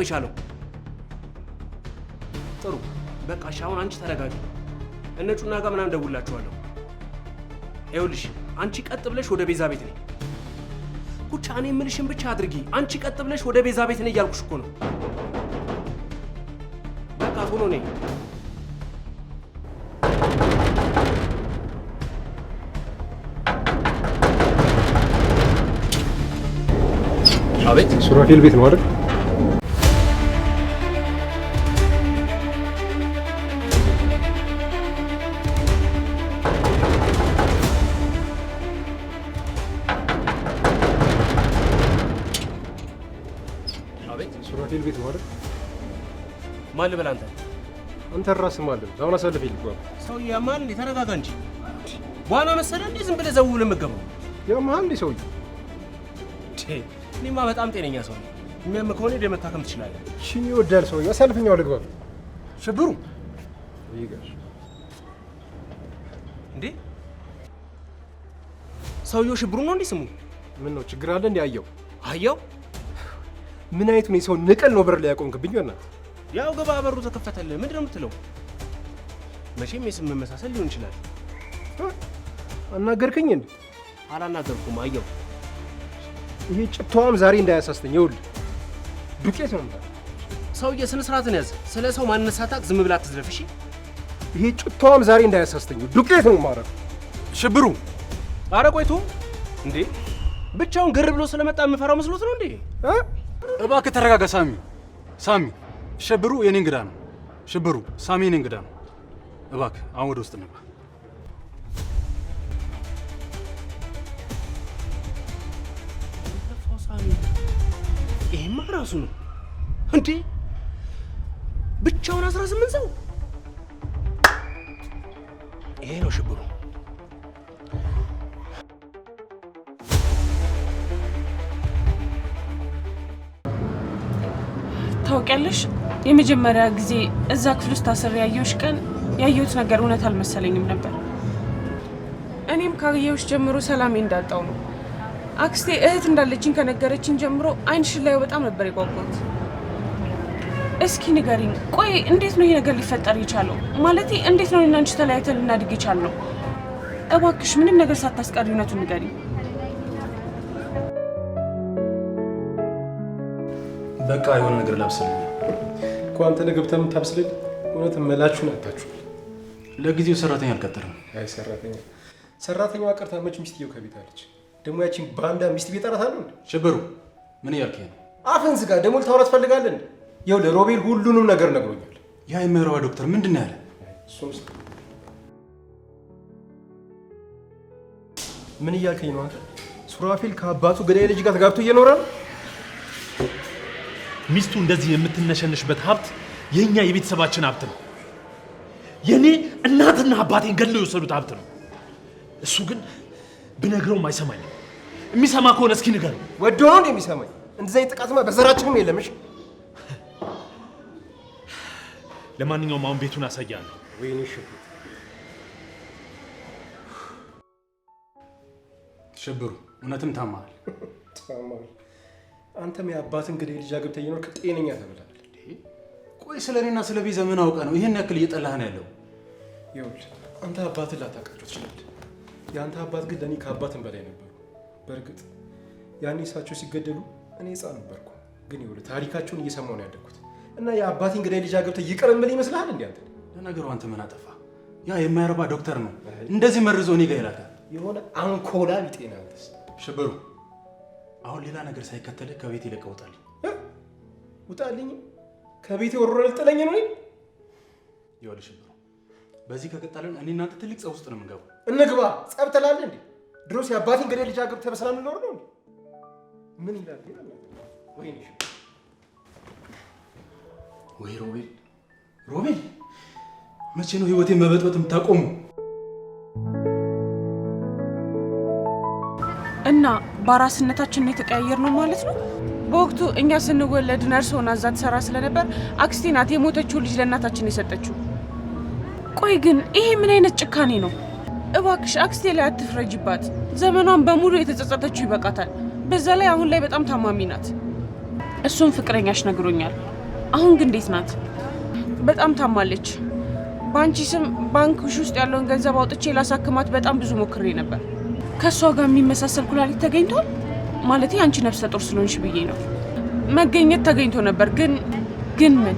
ሊያውቀው የቻለው? ጥሩ በቃ እሺ፣ አሁን አንቺ ተረጋጊ። እነ ጩና ጋር ምናምን ደውላችኋለሁ። ይኸውልሽ አንቺ ቀጥ ብለሽ ወደ ቤዛ ቤት ነኝ። ኩቻ እኔ የምልሽን ብቻ አድርጊ። አንቺ ቀጥ ብለሽ ወደ ቤዛ ቤት ነኝ እያልኩሽ እኮ ነው። በቃ ቶሎ ነኝ። አቤት ሱራፌል ቤት ነው አይደል? ማን ልበል? አንተ አንተ ራስህ ማን ልበል? አሁን አሳልፍ ይልቀዋል። ሰውዬ ያማል እንዴ? ተረጋጋ እንጂ ዋና መሰለህ እንዴ? ዝም ብለህ ዘው ብለህ የምትገባው ያማል እንዴ? ሰውዬ እኔማ በጣም ጤነኛ ሰው ነኝ። የሚያምህ ከሆነ ሄደህ መታከም ትችላለህ። ሽኝ ይወዳል ሰውዬ። አሳልፍኛው ልግባ። ሽብሩ ይጋሽ እንዴ? ሰውዬው ሽብሩ ነው እንዴ ስሙ? ምን ነው ችግር አለ እንዴ? አየው አየው ምን አይነት ነው ሰው ንቀል ነው በር ላይ ያቆምክብኝ እናት ያው ገባ በሩ ተከፈተልህ። ምንድን ነው የምትለው? መቼም የስም መመሳሰል ሊሆን ይችላል። አናገርከኝ እንዴ? አላናገርኩም። አየው ይሄ ጭቷም ዛሬ እንዳያሳስተኝ። ይውል ዱቄት ነው የምታውቀው። ሰውዬ ስነ ስርዓትን ያዝ። ስለ ሰው ማንነት ሳታውቅ ዝም ብላ አትዝረፍ። እሺ ይሄ ጭቷም ዛሬ እንዳያሳስተኝ። ዱቄት ነው ማረግ። ሽብሩ አረ ቆይቶ እንዴ ብቻውን ግር ብሎ ስለመጣ የምፈራው መስሎት ነው እንዴ? እባክህ ተረጋጋ ሳሚ፣ ሳሚ ሽብሩ የኔ እንግዳ ነው። ሽብሩ ሳሚ የኔ እንግዳ ነው። እባክህ አሁን ወደ ውስጥ እንግባ። ይሄማ ራሱ ነው እንዴ! ብቻውን 18 ሰው ይሄ ነው ሽብሩ። ታውቂያለሽ የመጀመሪያ ጊዜ እዛ ክፍል ውስጥ ታስር ያየሁሽ ቀን ያየሁት ነገር እውነት አልመሰለኝም ነበር። እኔም ካየሁሽ ጀምሮ ሰላሜ እንዳጣው ነው። አክስቴ እህት እንዳለችኝ ከነገረችኝ ጀምሮ ዓይንሽን ላይ በጣም ነበር የጓጓት እስኪ ንገሪኝ፣ ቆይ እንዴት ነው ይሄ ነገር ሊፈጠር የቻለው? ማለት እንዴት ነው እናንቺ ተለያይተን ልናድግ ነው? እባክሽ ምንም ነገር ሳታስቀሪ እውነቱን ንገሪኝ። በቃ የሆነ ነገር ላብስልኝ አንተ ለገብተህ የምታብስልል እውነት መላችሁ ናታችኋል። ለጊዜው ሰራተኛ አልቀጠርም። አይ ሰራተኛ ሰራተኛዋ ቀርታ መች ሚስትየው ከቤት አለች። ደግሞ ያቺን ባንዳ ሚስት ቤት ጠራት አለ። ሽብሩ ምን እያልከኝ ነው? አፍን ዝጋ። ደግሞ ልታወራ ትፈልጋለን? ይኸው ለሮቤል ሁሉንም ነገር ነግሮኛል። ያ የምዕራባ ዶክተር ምንድን ነው ያለ? ምን እያልከኝ ነው አንተ? ሱራፌል ከአባቱ ገዳይ ልጅ ጋር ተጋብቶ እየኖረ ነው። ሚስቱ እንደዚህ የምትነሸንሽበት ሀብት የእኛ የቤተሰባችን ሀብት ነው። የእኔ እናትና አባቴን ገድለው የወሰዱት ሀብት ነው። እሱ ግን ብነግረውም አይሰማኝም። የሚሰማ ከሆነ እስኪ ንገር። ወዶ ነው እንደ የሚሰማኝ። እንደዚህ ጥቃትማ በዘራችንም የለምሽ። ለማንኛውም አሁን ቤቱን አሳያለሁ። ወይኔ ሽብሩ፣ እውነትም ታማል ታማል አንተም የአባት እንግዲህ ልጅ አግብተህ እየኖርክ ጤነኛ ተብለሃል። ቆይ ስለ እኔና ስለ ቤዛ ምን አውቀህ ነው ይህን ያክል እየጠላህ ነው ያለው? ይኸውልህ አንተ አባትን ላታውቃቸው ትችላለህ። የአንተ አባት ግን ለእኔ ከአባትን በላይ ነበሩ። በእርግጥ ያኔ እሳቸው ሲገደሉ እኔ ሕፃን ነበርኩ። ግን ይኸውልህ ታሪካቸውን እየሰማሁ ነው ያደግኩት እና የአባት እንግዲህ ልጅ አግብተህ ይቅር የምልህ ይመስልሃል? እንደ አንተ ለነገሩ አንተ ምን አጠፋ? ያ የማይረባ ዶክተር ነው እንደዚህ መርዞ እኔ ጋር ይላታል። የሆነ አንኮላ ቢጤ ነው። አንተስ ሽብሩ አሁን ሌላ ነገር ሳይከተል ከቤት ይለቀ ውጣልኝ። ውጣልኝ? ከቤት ወርሮ ልጥለኝ ነው? ይኸውልሽ ብሩ፣ በዚህ ከቀጠልን እኔ እናንተ ትልቅ ጸብ ውስጥ ነው የምንገባው። እንግባ። ጸብ ትላለህ እንዴ? ድሮስ የአባቴን ገደ ልጅ አግብተህ በሰላም ልኖር ነው? ምን ይላል? ወይኔ ወይ ሮቤል፣ ሮቤል መቼ ነው ህይወቴን መበጥበጥ የምታቆሙ? እና በአራስነታችን ነው ነው ማለት ነው። በወቅቱ እኛ ስንወለድ ነርስ ሆና እዛ ትሰራ ስለነበር አክስቴ ናት የሞተችው ልጅ ለእናታችን የሰጠችው። ቆይ ግን ይሄ ምን አይነት ጭካኔ ነው? እባክሽ አክስቴ ላይ አትፍረጅባት። ዘመኗን በሙሉ የተጸጸተችው ይበቃታል። በዛ ላይ አሁን ላይ በጣም ታማሚ ናት። እሱም ፍቅረኛሽ ነግሮኛል። አሁን ግን እንዴት ናት? በጣም ታማለች። በአንቺ ስም ባንክሽ ውስጥ ያለውን ገንዘብ አውጥቼ ላሳክማት በጣም ብዙ ሞክሬ ነበር። ከእሷ ጋር የሚመሳሰል ኩላሊት ተገኝቷል ማለት አንቺ ነፍሰ ጡር ስለሆንሽ ብዬ ነው። መገኘት ተገኝቶ ነበር ግን ግን ምን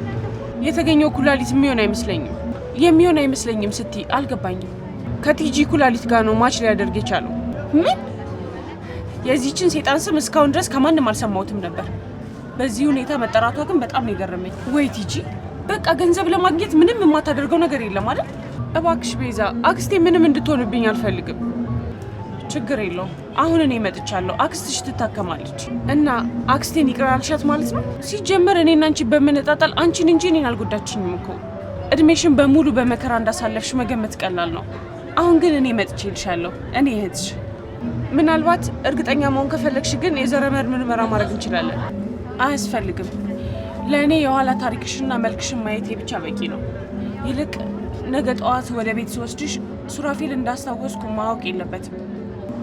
የተገኘው ኩላሊት የሚሆን አይመስለኝም። የሚሆን አይመስለኝም ስትይ አልገባኝም። ከቲጂ ኩላሊት ጋር ነው ማች ሊያደርግ የቻለው። ምን የዚህችን ሴጣን ስም እስካሁን ድረስ ከማንም አልሰማሁትም ነበር። በዚህ ሁኔታ መጠራቷ ግን በጣም ነው የገረመኝ። ወይ ቲጂ በቃ ገንዘብ ለማግኘት ምንም የማታደርገው ነገር የለም ማለት። እባክሽ ቤዛ፣ አክስቴ ምንም እንድትሆንብኝ አልፈልግም። ችግር የለውም። አሁን እኔ መጥቻለሁ። አክስትሽ ትታከማለች እና አክስቴን ይቅር አልሻት ማለት ነው። ሲጀመር እኔና አንቺ በመነጣጣል አንቺን እንጂ እኔን አልጎዳችኝም እኮ። እድሜሽን በሙሉ በመከራ እንዳሳለፍሽ መገመት ቀላል ነው። አሁን ግን እኔ መጥቼ ልሻለሁ። እኔ እህትሽ። ምናልባት እርግጠኛ መሆን ከፈለግሽ ግን የዘረመድ ምርመራ ማድረግ እንችላለን። አያስፈልግም። ለእኔ የኋላ ታሪክሽና መልክሽን ማየቴ ብቻ በቂ ነው። ይልቅ ነገ ጠዋት ወደ ቤት ሲወስድሽ ሱራፊል እንዳስታወስኩ ማወቅ የለበትም።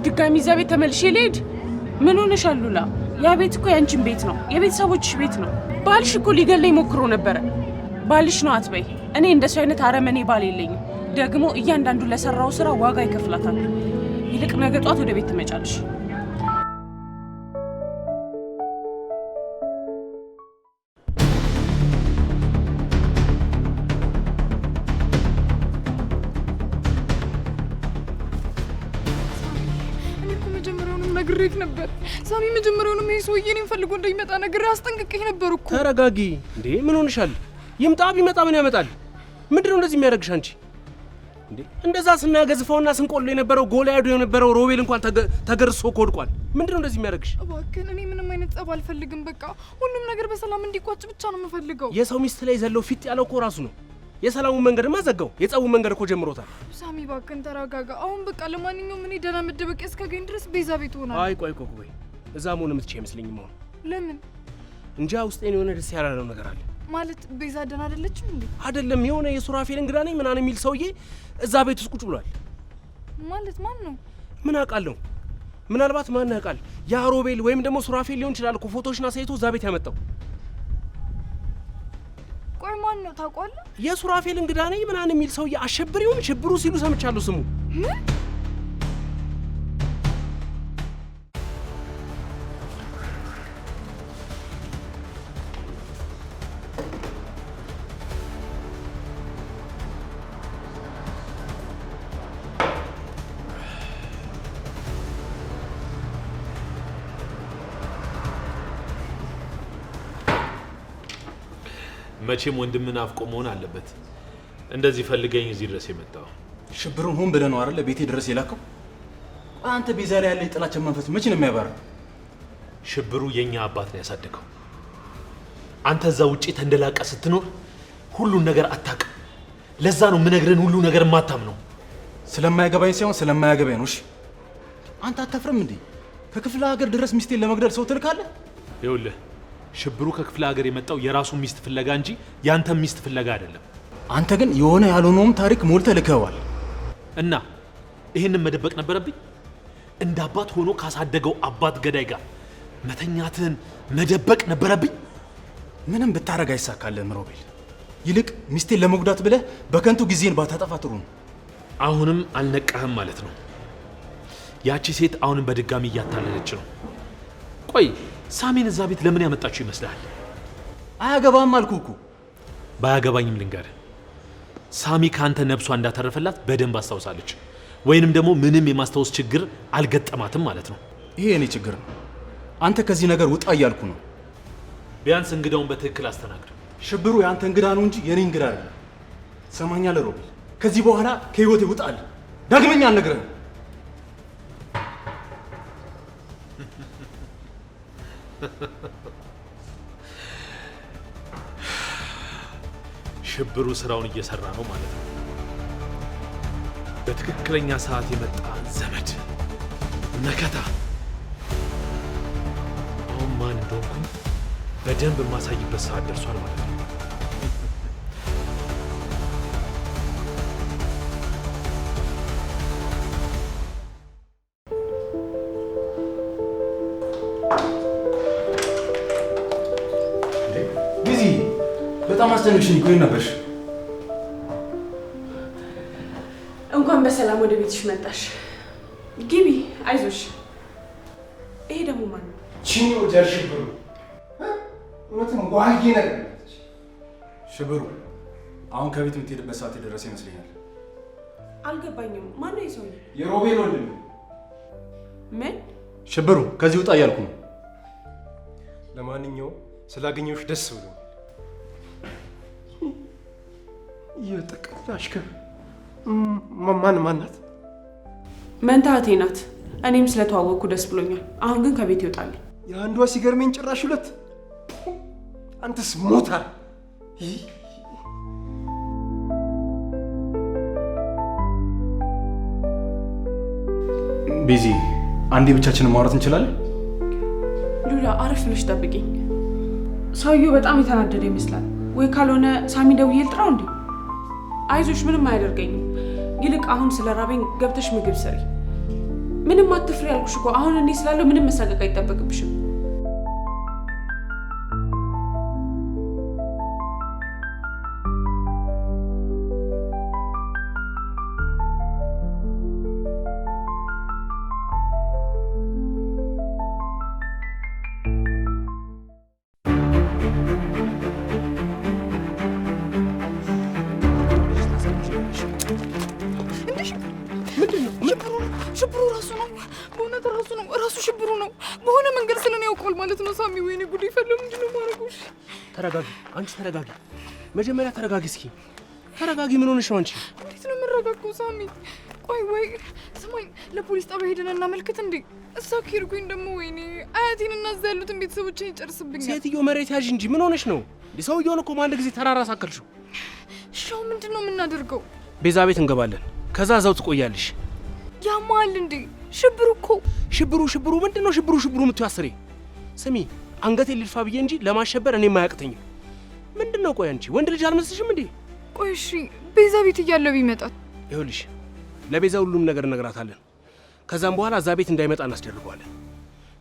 ድጋሚ እዛ ቤት ተመልሼ ልሄድ? ምን ሆነሽ አሉላ? ያ ቤት እኮ ያንቺን ቤት ነው፣ የቤተሰቦችሽ ቤት ነው። ባልሽ እኮ ሊገለኝ ሞክሮ ነበረ። ባልሽ ነው አትበይ። እኔ እንደሱ አይነት አረመኔ ባል የለኝም። ደግሞ እያንዳንዱ ለሰራው ስራ ዋጋ ይከፍላታል። ይልቅ ነገ ጧት ወደ ቤት ትመጫለሽ። እኔ መጀመሪያውንም ይሄ ሰውዬ እኔን ፈልጎ እንደሚመጣ ነገር አስጠንቅቄህ ነበር እኮ። ተረጋጊ እንዴ! ምን ሆንሻል? ይምጣ ቢመጣ ምን ያመጣል? ምንድነው እንደዚህ የሚያደርግሽ አንቺ? እንደዛ ስናገዝፈውና ስንቆሎ የነበረው ጎልያዱ የነበረው ሮቤል እንኳን ተገርሶ ኮድቋል። ምንድን ነው እንደዚህ የሚያደርግሽ? እባክህን እኔ ምንም አይነት ጸብ አልፈልግም። በቃ ሁሉም ነገር በሰላም እንዲቋጭ ብቻ ነው የምፈልገው። የሰው ሚስት ላይ ዘለው ፊት ያለው እኮ ራሱ ነው። የሰላሙን መንገድ ማዘጋው ዘጋው። የጸቡን መንገድ እኮ ጀምሮታል። ሳሚ እባክህን ተረጋጋ። አሁን በቃ ለማንኛውም እኔ ደህና መደበቂያ እስካገኝ ድረስ ቤዛ ቤት ሆናል። አይ ቆይ ቆይ ቆይ እዛ መሆን የምትች አይመስለኝም። አሁን ለምን እንጃ ውስጤን የሆነ ደስ ያላለው ነገር አለ። ማለት ቤዛ ደህና አይደለችም እንዴ? አይደለም የሆነ የሱራፌል እንግዳ ነኝ ምናምን የሚል ሰውዬ እዛ ቤት ውስጥ ቁጭ ብሏል። ማለት ማን ነው? ምን አውቃለሁ። ምናልባት ማን ያውቃል? ያ ሮቤል ወይም ደግሞ ሱራፌል ሊሆን ይችላል እኮ ፎቶዎችን አሳይቶ እዛ ቤት ያመጣው። ቆይ ማን ነው ታውቋለህ? የሱራፌል እንግዳ ነኝ ምናምን የሚል ሰውዬ አሸብሪውን ሽብሩ ሲሉ ሰምቻለሁ ስሙ መቼም ወንድምን አፍቆ መሆን አለበት። እንደዚህ ፈልገኝ እዚህ ድረስ የመጣው ሽብሩን ሆን ብለህ ነው አይደለ? ቤቴ ድረስ የላከው። አንተ ቤዛ ላይ ያለ የጥላቻ መንፈስ መቼ ነው የሚያባራ? ሽብሩ የእኛ አባት ነው ያሳደገው። አንተ እዛ ውጪ ተንደላቀ ስትኖር ሁሉን ነገር አታውቅም። ለዛ ነው የምነግርህን ሁሉ ነገር ማታም ነው። ስለማያገባኝ ሳይሆን ስለማያገባኝ ነው። እሺ አንተ አታፍርም እንዴ? ከክፍለ ሀገር ድረስ ሚስቴን ለመግደል ሰው ትልካለህ? ይኸውልህ ሽብሩ ከክፍለ ሀገር የመጣው የራሱ ሚስት ፍለጋ እንጂ ያንተ ሚስት ፍለጋ አይደለም። አንተ ግን የሆነ ያልሆነውም ታሪክ ሞልተ ልከዋል እና ይህንን መደበቅ ነበረብኝ። እንደ አባት ሆኖ ካሳደገው አባት ገዳይ ጋር መተኛትን መደበቅ ነበረብኝ። ምንም ብታረግ አይሳካልህም ሮቤል። ይልቅ ሚስቴን ለመጉዳት ብለህ በከንቱ ጊዜን ባታጠፋ ጥሩ ነው። አሁንም አልነቃህም ማለት ነው። ያቺ ሴት አሁንም በድጋሚ እያታለለች ነው። ቆይ ሳሚን እዛ ቤት ለምን ያመጣችሁ ይመስላል? አያገባም አልኩ እኮ። ባያገባኝም ልንገርህ፣ ሳሚ ከአንተ ነብሷ እንዳተረፈላት በደንብ አስታውሳለች፣ ወይንም ደግሞ ምንም የማስታወስ ችግር አልገጠማትም ማለት ነው። ይሄ የኔ ችግር ነው። አንተ ከዚህ ነገር ውጣ እያልኩ ነው። ቢያንስ እንግዳውን በትክክል አስተናግድ። ሽብሩ የአንተ እንግዳ ነው እንጂ የኔ እንግዳ አይደለም። ሰማኛለህ ሮቤል፣ ከዚህ በኋላ ከህይወቴ ውጣልህ። ዳግመኛ አልነግርህም። ሽብሩ ስራውን እየሰራ ነው ማለት ነው። በትክክለኛ ሰዓት የመጣ ዘመድ መከታ። አሁን ማን እንደሆንኩ በደንብ የማሳይበት ሰዓት ደርሷል ማለት ነው። አስደንቅሽኝ እኮ ነበርሽ? እንኳን በሰላም ወደ ቤትሽ መጣሽ። ግቢ፣ አይዞሽ። ይሄ ደግሞ ማን ቺኒ ወጃር ሽብሩ። እውነትም ዋልጌ ነገር ሽብሩ። አሁን ከቤት የምትሄድበት ሰዓት የደረሰ ይመስለኛል። አልገባኝም። ማን ነው የሮቤል ወንድም። ምን? ሽብሩ፣ ከዚህ ውጣ እያልኩ ነው። ለማንኛውም ስላገኘሁሽ ደስ ብሎ የጠቀላሽ ማን ማናት? መንታ ናት። እኔም ስለተዋወቅኩ ደስ ብሎኛል። አሁን ግን ከቤት ይወጣሉ። የአንዷ ሲገርመኝ ጭራሽ ሁለት። አንተስ ሞታ ቤዚ፣ አንዴ ብቻችንን ማውራት እንችላለን? ሉላ፣ አረፍ ብለሽ ጠብቂኝ። ሰውየው በጣም የተናደደ ይመስላል። ወይ ካልሆነ ሳሚ ደውዬ ልጥራው እንዴ? አይዞሽ፣ ምንም አያደርገኝም። ይልቅ አሁን ስለ ራበኝ ገብተሽ ምግብ ስሪ። ምንም አትፍሪ ያልኩሽ እኮ። አሁን እኔ ስላለው ምንም መሳቀቅ አይጠበቅብሽም። በሆነ መንገድ ስለኔ ያውቀዋል ማለት ነው። ሳሚ ወይኔ ጉድ ይፈለው። ምንድን ነው ማረጎሽ? ተረጋጊ፣ አንቺ ተረጋጊ። መጀመሪያ ተረጋጊ፣ እስኪ ተረጋጊ። ምን ሆነሽ ነው አንቺ? እንዴት ነው የምረጋገው ሳሚ ቆይ ወይ ስማኝ፣ ለፖሊስ ጣቢያ ሄደን እናመልክት እንዴ? እሳ ኪርጉኝ ደግሞ ወይኔ አያቴን እና እዛ ያሉትን ቤተሰቦች ይጨርስብኛል። ሴትዮ መሬት ያዥ እንጂ ምን ሆነሽ ነው? እንዲ ሰውየውን እኮ በአንድ ጊዜ ተራራ ሳከልሽው። ሻው ምንድን ነው የምናደርገው? ቤዛ ቤት እንገባለን። ከዛ እዛው ትቆያለሽ። ያማል እንዴ ሽብሩ እኮ ሽብሩ ሽብሩ ምንድን ነው ሽብሩ ሽብሩ የምትይው? አስሬ ስሚ፣ አንገቴ ልድፋ ብዬ እንጂ ለማሸበር እኔ ማያቅተኝ ምንድን ነው ቆይ፣ አንቺ ወንድ ልጅ አልመስልሽም እንዴ? ቆይ እሺ፣ ቤዛ ቤት እያለው ቢመጣት? ይኸውልሽ፣ ለቤዛ ሁሉም ነገር እነግራታለን። ከዛም በኋላ እዛ ቤት እንዳይመጣ እናስደርገዋለን።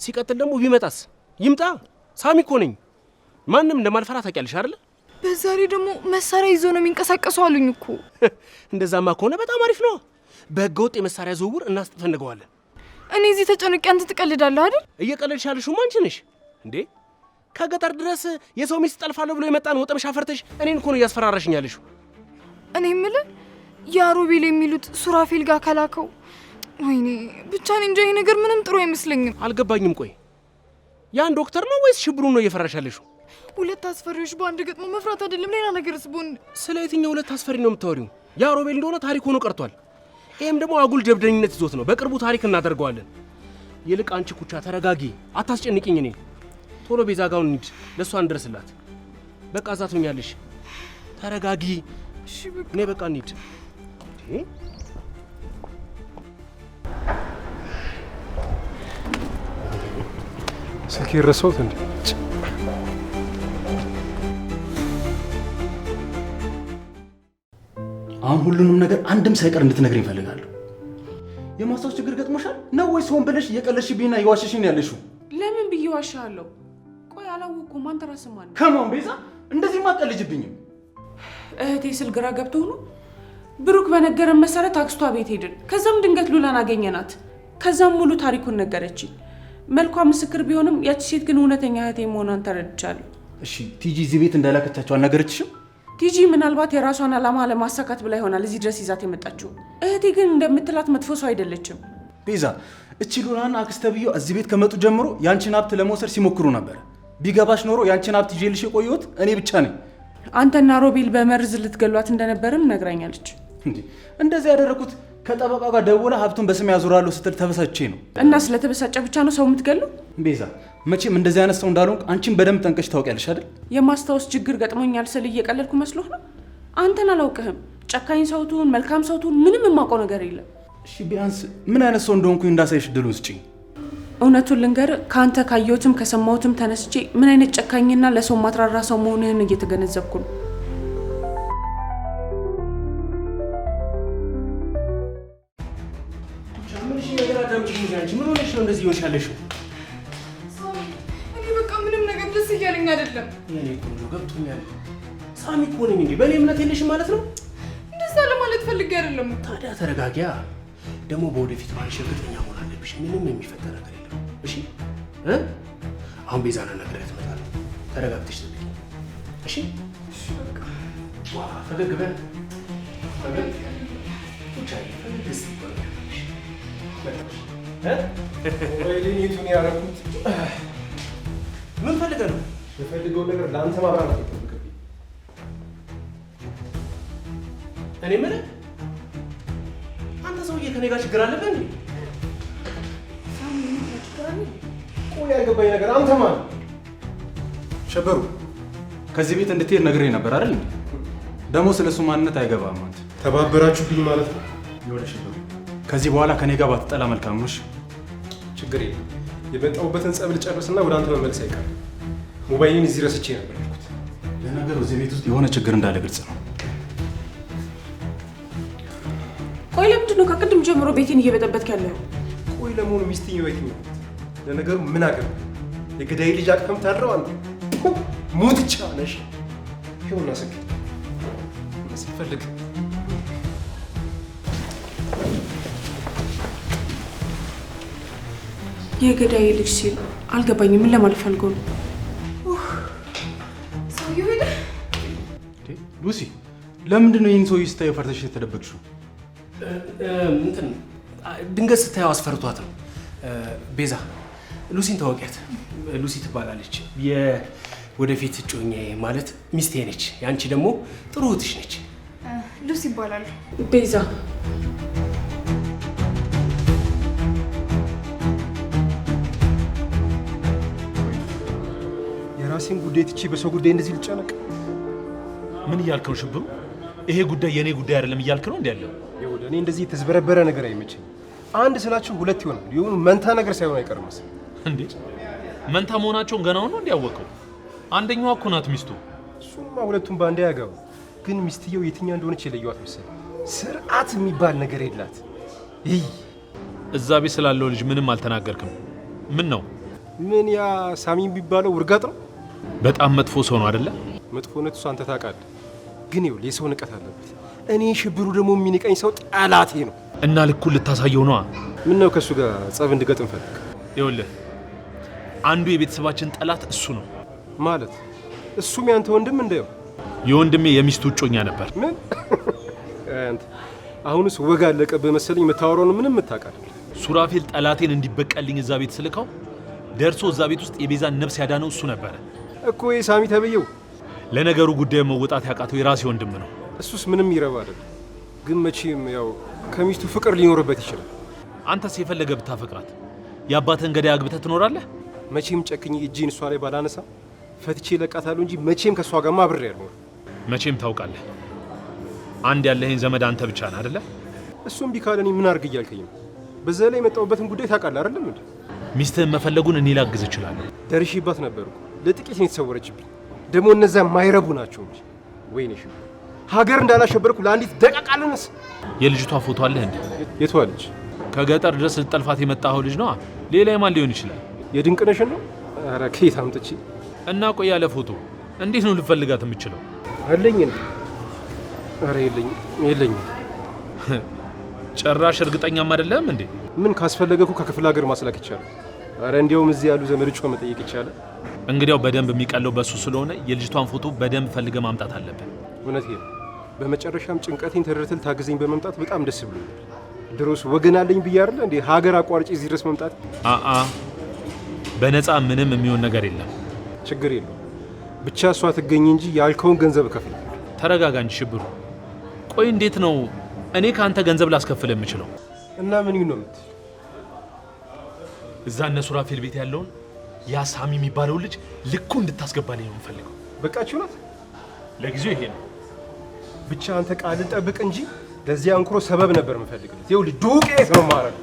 ሲቀጥል ደግሞ ቢመጣስ? ይምጣ፣ ሳሚ እኮ ነኝ። ማንም እንደማልፈራ ታውቂያለሽ አይደለ? በዛሬ ደግሞ መሳሪያ ይዞ ነው የሚንቀሳቀሱ አሉኝ እኮ። እንደዛማ ከሆነ በጣም አሪፍ ነው። በህገ ወጥ የመሳሪያ ዝውውር እናስጥፈንገዋለን። እኔ እዚህ ተጨንቄ አንተ ትቀልዳለህ አይደል? እየቀለድሽ ያለሽው አንቺ ነሽ እንዴ? ከገጠር ድረስ የሰው ሚስት ጠልፋለሁ ብሎ የመጣን ወጠምሻ ፈርተሽ እኔን እኮ ነው እያስፈራራሽኝ ያለሽው። እኔ የምልህ ያ ሮቤል የሚሉት ሱራፌል ጋር ከላከው። ወይኔ ብቻ እንጃ፣ ይሄ ነገር ምንም ጥሩ አይመስለኝም። አልገባኝም። ቆይ ያን ዶክተር ነው ወይስ ሽብሩን ነው እየፈራሽ ያለሽው? ሁለት አስፈሪዎች በአንድ ገጥሞ መፍራት አይደለም ሌላ ነገርስ? ቦን ስለ የትኛው ሁለት አስፈሪ ነው የምታወሪው? ያ ሮቤል እንደሆነ ታሪክ ሆኖ ቀርቷል። ይህም ደግሞ አጉል ጀብደኝነት ይዞት ነው። በቅርቡ ታሪክ እናደርገዋለን። ይልቅ አንቺ ኩቻ ተረጋጊ፣ አታስጨንቅኝ። እኔ ቶሎ ቤዛ ጋውን እንሂድ፣ ለእሷ እንደርስላት። በቃ እዛ ትሆኛለሽ። ተረጋጊ። እኔ በቃ እንሂድ። ስልክ ረሳሁት እንዴ? አሁን ሁሉንም ነገር አንድም ሳይቀር እንድትነግር ይፈልጋሉ። የማስታወስ ችግር ገጥሞሻል ነው ወይስ ሆን ብለሽ የቀለሽብኝና የዋሸሽኝ ያለሽው? ለምን ብዬ ዋሻለሁ? ቆይ አላወኩም። አንተ ራስህ ማን? ከማን ቤዛ? እንደዚህ ማቀልጅብኝም እህቴ ስል ግራ ገብቶ ሆኖ ብሩክ በነገረን መሰረት አክስቷ ቤት ሄድን። ከዛም ድንገት ሉላን አገኘናት። ከዛም ሙሉ ታሪኩን ነገረችኝ። መልኳ ምስክር ቢሆንም ያቺ ሴት ግን እውነተኛ እህቴ መሆኗን ተረድቻለሁ። እሺ ቲጂ እዚህ ቤት እንዳላከቻቸው አልነገረችሽም? ቲጂ ምናልባት የራሷን ዓላማ ለማሳካት ብላ ይሆናል እዚህ ድረስ ይዛት የመጣችው። እህቴ ግን እንደምትላት መጥፎ ሰው አይደለችም። ቤዛ እቺ ሉናና አክስተብዮ እዚህ ቤት ከመጡ ጀምሮ ያንቺን ሀብት ለመውሰድ ሲሞክሩ ነበር። ቢገባሽ ኖሮ ያንቺን ሀብት ይዤልሽ የቆየሁት እኔ ብቻ ነኝ። አንተና ሮቤል በመርዝ ልትገሏት እንደነበርም ነግራኛለች። እንደዚህ ያደረግኩት ከጠበቃ ጋር ደውላ ሀብቱን በስም ያዙራለሁ ስትል ተበሳቼ ነው። እና ስለተበሳጨ ብቻ ነው ሰው የምትገሉ? ቤዛ መቼም እንደዚህ አይነት ሰው እንዳልሆንክ አንቺን በደንብ ጠንቀሽ ታውቂያለሽ አይደል? የማስታወስ ችግር ገጥሞኛል ስል እየቀለድኩ መስሎህ ነው? አንተን አላውቅህም። ጨካኝ ሰው ትሁን መልካም ሰው ትሁን ምንም የማውቀው ነገር የለም። እሺ ቢያንስ ምን አይነት ሰው እንደሆንኩኝ እንዳሳይሽ እድሉን ስጪኝ። እውነቱን ልንገር፣ ከአንተ ካየሁትም ከሰማሁትም ተነስቼ ምን አይነት ጨካኝና ለሰው ማትራራ ሰው መሆንህን እየተገነዘብኩ ነው። እየሆንሽ ያለሽው? እኔ በቃ ምንም ነገር ደስ እያለኝ አይደለም። የኔ ቆንጆ ገብቶኛል። ሳሚ እኮ ነኝ እንዴ? በእኔ እምነት የለሽም ማለት ነው? እንደዛ ለማለት ፈልጌ አይደለም። ታዲያ ተረጋጊያ። ደግሞ በወደፊት ባልሽ እርግጠኛ መሆን አለብሽ። ምንም የሚፈጠር ነገር የለም። እሺ እ አሁን ቤዛና ነገር ተረጋግተሽ ትልቅ እሺ። ፈገግ በል ፈገግ ፈገግ ስ ሌቱን ያደረኩት ምን ፈልገህ ነው? የፈልገውን ነገር ለአንተ ማብራት አይጠበቅብኝ። እኔ የምልህ አንተ ሰውዬ ከእኔ ጋር ችግር አለብህ? ቆይ ያልገባኝ ነገር አንተ ሸበሩ ከዚህ ቤት እንድትሄድ ነግሬህ ነበር አይደል? ደግሞ ስለ እሱ ማንነት አይገባም። አንተ ተባበራችሁብኝ ማለት ነው። ከዚህ በኋላ ከኔ ጋር ባትጠላ መልካም ነሽ። ችግር የለም። የመጣሁበትን ጸብ ልጨርስና ወደ አንተ መመለስ አይቀርም። ሞባይልን እዚህ ረስቼ ነበር ያልኩት። ለነገሩ እዚህ ቤት ውስጥ የሆነ ችግር እንዳለ ግልጽ ነው። ቆይ ለምንድን ነው ከቅድም ጀምሮ ቤቴን እየበጠበጥክ ያለው? ቆይ ለመሆኑ ሚስትየው የትኛው? ለነገሩ ምን አገር የገዳይ ልጅ አቅፈም ታድረው አለ ሙትቻ ነሽ። ይሁና ስልክ ስትፈልግ የገዳይ ልጅ ሲል አልገባኝም። ምን ለማለት ፈልጎ ነው? ሰውዬው ሄደ። ሉሲ፣ ለምንድን ነው ይህን ሰውዬ ስታየው ፈርተሽ የተደበቅሽው? እንትን ድንገት ስታየው አስፈርቷት ነው። ቤዛ፣ ሉሲን ታወቂያት? ሉሲ ትባላለች። ወደፊት እጮኛዬ ማለት ሚስቴ ነች። ያንቺ ደግሞ ጥሩ እህትሽ ነች። ሉሲ ይባላል። ቤዛ የራሴን ጉዳይ ትቼ በሰው ጉዳይ እንደዚህ ልጨነቅ? ምን እያልክ ነው ሽብሩ? ይሄ ጉዳይ የእኔ ጉዳይ አይደለም እያልክ ነው? እንዲ ያለው እኔ እንደዚህ የተዝበረበረ ነገር አይመቸኝ። አንድ ስላችሁ ሁለት ይሆናል። ይሁን መንታ ነገር ሳይሆን አይቀርም እንዴ መንታ መሆናቸውን ገና ነው እንዲያወቀው አንደኛዋ እኮ ናት ሚስቱ። እሱማ ሁለቱም በአንድ ያጋቡ። ግን ሚስትየው የትኛ እንደሆነች የለየዋት መሰለኝ። ስርዓት የሚባል ነገር የላት። ይህ እዛ ቤት ስላለው ልጅ ምንም አልተናገርክም? ምን ነው ምን ያ ሳሚ የሚባለው ውርጋጥ ነው? በጣም መጥፎ ሰው ነው አይደለ? መጥፎነቱ አንተ ታውቃለህ። ግን ይኸውልህ የሰው ንቀት አለበት። እኔ ሽብሩ ደግሞ የሚንቀኝ ሰው ጠላቴ ነው እና ልኩን ልታሳየው ነዋ። ምን ነው ከእሱ ጋር ጸብ እንድገጥም እንፈልግ? ይኸውልህ አንዱ የቤተሰባችን ጠላት እሱ ነው ማለት እሱም ያንተ ወንድም እንደው የወንድሜ የሚስቱ እጮኛ ነበር። ምን አሁንስ ወግ አለቀብህ መሰለኝ። የምታወራውን ምንም የምታውቃለህ። ሱራፌል ጠላቴን እንዲበቀልኝ እዛ ቤት ስልከው ደርሶ እዛ ቤት ውስጥ የቤዛን ነፍስ ያዳነው እሱ ነበረ። እኮ ሳሚ ተብዬው ለነገሩ ጉዳይ መወጣት ያቃተው የራሴ ወንድም ነው። እሱስ ምንም ይረባ አይደል፣ ግን መቼም ያው ከሚስቱ ፍቅር ሊኖርበት ይችላል። አንተስ የፈለገ ብታፈቅራት የአባትህን ገዳይ አግብተህ ትኖራለህ? መቼም ጨክኝ እጄን እሷ ላይ ባላነሳ ፈትቼ ለቃታለሁ እንጂ መቼም ከእሷ ጋርማ አብሬ ያልኖር። መቼም ታውቃለህ፣ አንድ ያለህን ዘመድ አንተ ብቻ ነህ አደለ? እሱም ቢካለኔ ምን አርግ እያልከኝም። በዛ ላይ የመጣሁበትን ጉዳይ ታውቃለህ አይደለም እንዴ? ሚስትህን መፈለጉን እኔ ላግዝ እችላለሁ። ደርሼባት ነበርኩ ለጥቂት ነው የተሰወረችብኝ። ደግሞ እነዛ ማይረቡ ናቸው እንጂ ወይኔ ሀገር እንዳላሸበርኩ ለአንዲት ደቀቃልንስ። የልጅቷ ፎቶ አለህ እንዴ? የቷ ልጅ? ከገጠር ድረስ ልጠልፋት የመጣኸው ልጅ ነዋ። ሌላ የማን ሊሆን ይችላል? የድንቅነሽን ነው? ኧረ ከየት አምጥቼ እና ቆይ፣ ያለ ፎቶ እንዴት ነው ልፈልጋት የምችለው? አለኝ እንዴ? ኧረ የለኝም፣ የለኝም። ጭራሽ እርግጠኛም አይደለም እንዴ? ምን ካስፈለገ ከክፍለ ሀገር ማስላክ ይቻላል። አረ እንዲያውም እዚህ ያሉ ዘመዶቿ መጠየቅ ይቻላል። እንግዲያው በደንብ የሚቀለው በሱ ስለሆነ የልጅቷን ፎቶ በደንብ ፈልገ ማምጣት አለብን። እውነት በመጨረሻም ጭንቀቴን ተረድተህ ታግዘኝ በመምጣት በጣም ደስ ብሎኛል። ድሮስ ወገን አለኝ ብዬ አይደለ እንዴ ሀገር አቋርጭ እዚህ ድረስ መምጣት አአ በነፃ ምንም የሚሆን ነገር የለም። ችግር የለው ብቻ እሷ ትገኝ እንጂ ያልከውን ገንዘብ እከፍል። ተረጋጋ እንጂ ሽብሩ። ቆይ እንዴት ነው እኔ ከአንተ ገንዘብ ላስከፍል የምችለው? እና ምን ነው የምትል? እዛ እነ ሱራፌል ቤት ያለውን ያ ሳሚ የሚባለው ልጅ ልኩ እንድታስገባልኝ ነው የምፈልገው። በቃችሁ ናት። ለጊዜው ይሄ ነው ብቻ። አንተ ቃል ጠብቅ እንጂ ለዚህ አንኩሮ ሰበብ ነበር የምፈልግለት። ይኸውልህ ዱቄት ነው ማለት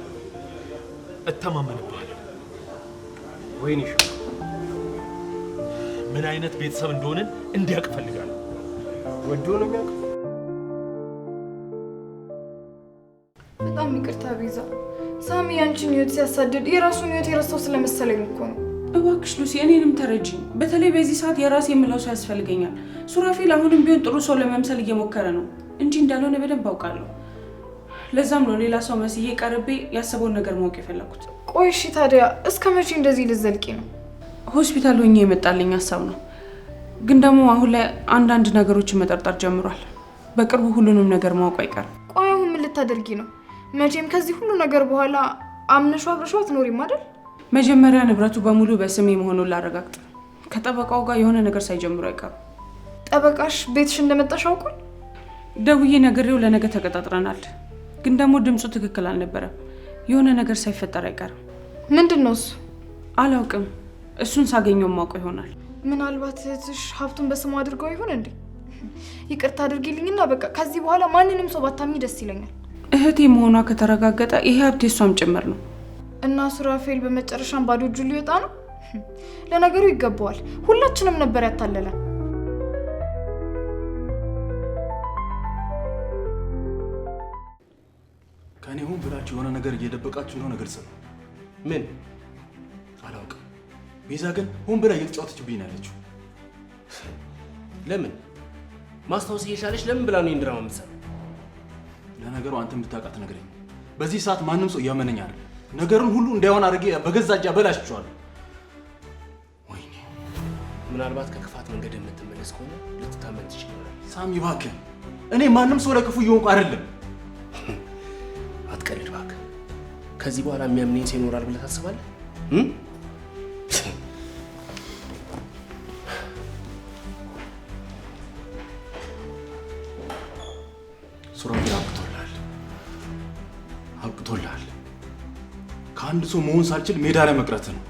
እተማመንብሃለሁ። ወይኔ ምን አይነት ቤተሰብ እንደሆንን እንዲያውቅ እፈልጋለሁ። ወዶ ነው የሚያውቅ። በጣም ይቅርታ ቤዛ። ሳሚ ያንቺን ህይወት ሲያሳድድ የራሱን ህይወት የረሳው ስለመሰለኝ እኮ ነው። እባክሽ ሉሲ እኔንም ተረጅኝ። በተለይ በዚህ ሰዓት የራሴ የምለው ሰው ያስፈልገኛል። ሱራፌል አሁንም ቢሆን ጥሩ ሰው ለመምሰል እየሞከረ ነው እንጂ እንዳልሆነ በደንብ አውቃለሁ። ለዛም ነው ሌላ ሰው መስዬ ቀርቤ ያሰበውን ነገር ማወቅ የፈለኩት። ቆይ እሺ፣ ታዲያ እስከ መቼ እንደዚህ ልዘልቂ ነው? ሆስፒታል ሆኜ የመጣልኝ ሀሳብ ነው፣ ግን ደግሞ አሁን ላይ አንዳንድ ነገሮችን መጠርጠር ጀምሯል። በቅርቡ ሁሉንም ነገር ማወቅ አይቀርም። ቆይ አሁን ምን ልታደርጊ ነው? መቼም ከዚህ ሁሉ ነገር በኋላ አምነሿ አብረሿ ትኖሪም አይደል? መጀመሪያ ንብረቱ በሙሉ በስሜ መሆኑን ላረጋግጥ። ከጠበቃው ጋር የሆነ ነገር ሳይጀምሩ አይቀርም። ጠበቃሽ ቤትሽ እንደመጣሽ አውቋል? ደውዬ ነግሬው ለነገ ተቀጣጥረናል። ግን ደግሞ ድምፁ ትክክል አልነበረም። የሆነ ነገር ሳይፈጠር አይቀርም። ምንድን ነው እሱ? አላውቅም። እሱን ሳገኘው ማውቀው ይሆናል። ምናልባት እህትሽ ሀብቱን በስሙ አድርገው ይሆን እንዴ? ይቅርታ አድርጊልኝና በቃ ከዚህ በኋላ ማንንም ሰው ባታሚ ደስ ይለኛል። እህቴ መሆኗ ከተረጋገጠ ይሄ ሀብት የእሷም ጭምር ነው። እና ሱራፌል በመጨረሻም ባዶ እጁ ሊወጣ ነው። ለነገሩ ይገባዋል። ሁላችንም ነበር ያታለለን። ከኔ ሁን ብላችሁ የሆነ ነገር እየደበቃችሁ እንደሆነ ግልጽ ነው። ምን አላውቅም። ቤዛ ግን ሁን ብላ እየተጫወተችብኝ ነው ያለችው። ለምን ማስታወስ እየቻለች ለምን ብላ ነው ድራማ የምትሰራው? ለነገሩ አንተ የምታውቃት ነገር በዚህ ሰዓት ማንም ሰው እያመነኝ አይደል ነገሩን ሁሉ እንዳይሆን አድርጌ በገዛ እጄ በላሽቸዋለሁ። ወይኔ ምናልባት ከክፋት መንገድ የምትመለስ ከሆነ ልትታመን ትችላለህ። ሳሚ እባክህ፣ እኔ ማንም ሰው ለክፉ እየሆንኩ አይደለም። አትቀልድ እባክህ። ከዚህ በኋላ የሚያምንኝ ሰው ይኖራል ብለህ ታስባለህ? መሆን ሳልችል ሜዳ ላይ መቅረት ነው።